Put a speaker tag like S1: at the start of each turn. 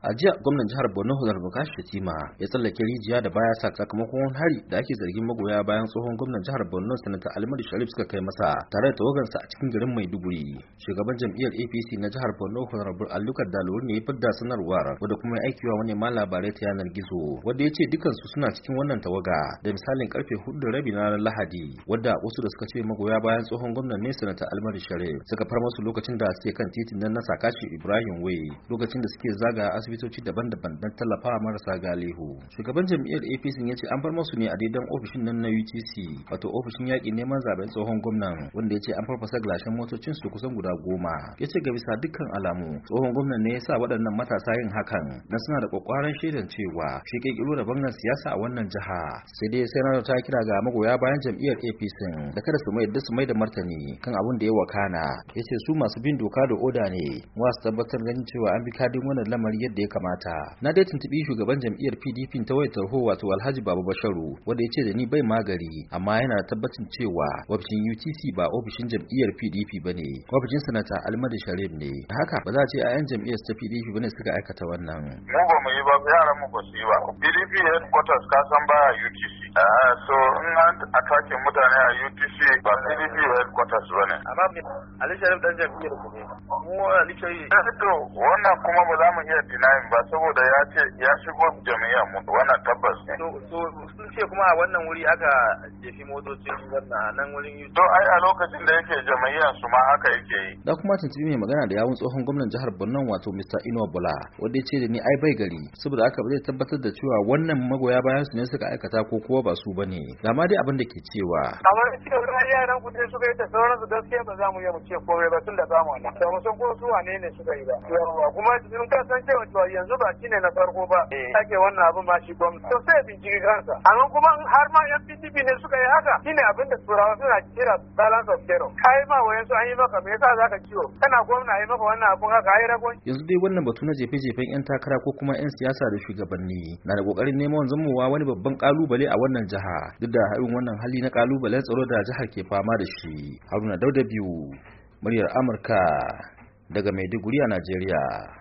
S1: a jiya gwamnan jihar borno hudar Buka, shetima ya tsallake rijiya da baya sa sakamakon hari da ake zargin magoya bayan tsohon gwamnan jihar borno sanata alimadu sharif suka kai masa tare da tawagansa a cikin garin maiduguri shugaban jam'iyyar apc na jihar borno honorable alukar dalori ne ya fidda sanarwar wadda kuma ya aikiwa wani ma labarai ta yanar gizo wadda ya ce dukansu suna cikin wannan tawaga da misalin karfe hudu da rabi na ranar lahadi wadda wasu da suka ce magoya bayan tsohon gwamnan ne sanata alimadu sharif suka far masu lokacin da suke kan titin nan na sakashi ibrahim wai lokacin da suke zaga asibiti asibitoci daban-daban don tallafawa marasa galihu shugaban jam'iyyar apc ya ce an bar masu ne a daidan ofishin nan na utc wato ofishin yaƙi neman zaɓen tsohon gwamnan wanda ya ce an farfasa gilashen motocin su kusan guda goma ya ce ga bisa dukkan alamu tsohon gwamnan ne ya sa waɗannan matasa yin hakan na suna da ƙwaƙwaran shaidan cewa shi ƙirƙiro da bangan siyasa a wannan jiha sai dai sai na ta kira ga magoya bayan jam'iyyar apc da kada su mai da su mai martani kan abin da ya wakana ya ce su masu bin doka da oda ne wa su tabbatar ganin cewa an bi kadin wannan lamari yadda yadda ya kamata na dai tuntubi shugaban jam'iyyar PDP ta wayar tarho wato Alhaji Babu Basharu wanda ya ce da ni bai magari amma yana tabbacin cewa ofishin UTC ba ofishin jam'iyyar PDP bane ofishin sanata Almadi Sharif ne haka ba za a ce a yan jam'iyyar ta PDP bane suka aikata wannan
S2: mu ba mu yi ba yaran mu ba su yi ba PDP headquarters ka san ba UTC ah, so in an atake mutane a UTC ba PDP headquarters bane amma Ali Sharif dan jam'iyyar ku ne mu Ali Sharif eh, to wannan kuma ba za mu iya dina Ibrahim ba saboda ya ce ya shigo jami'a mu wannan tabbas ne. sun ce kuma a wannan wuri aka jefi motocin wannan nan wurin yi. To ai a lokacin da yake jami'a su ma haka yake
S1: yi. Da kuma tuntubi mai magana da yawun tsohon gwamnan jihar Borno wato Mr. Inuwa Bola wanda ya ce da ni ai bai gari saboda haka ba zai tabbatar da cewa wannan magoya bayan su ne suka aikata ko kuwa ba su bane. Ga ma dai abin da ke cewa. Kamar cewa yaran ku ne suka yi sauran su gaskiya ba za mu iya mu ce komai ba
S2: tun da mu wannan. Da mu san ko su wane ne suka yi ba. Yawwa kuma in ka san cewa yanzu ba shine na farko ba eh. ake wannan abu ma shi gwamna to sai bincike kansa amma kuma har ma yan PDP ne suka yi haka shine abin da turawa suna kira balance of terror kai ma yanzu an yi maka me yasa zaka ciwo kana gwamna yi maka wannan abun haka ai ragon
S1: yanzu dai wannan batu na jefe-jefen yan takara ko kuma yan siyasa da shugabanni na da kokarin neman zamowa wani babban kalubale a wannan jiha duk da irin wannan hali na kalubalen tsaro da jihar ke fama da shi haruna dauda biyu muryar amurka daga maiduguri a najeriya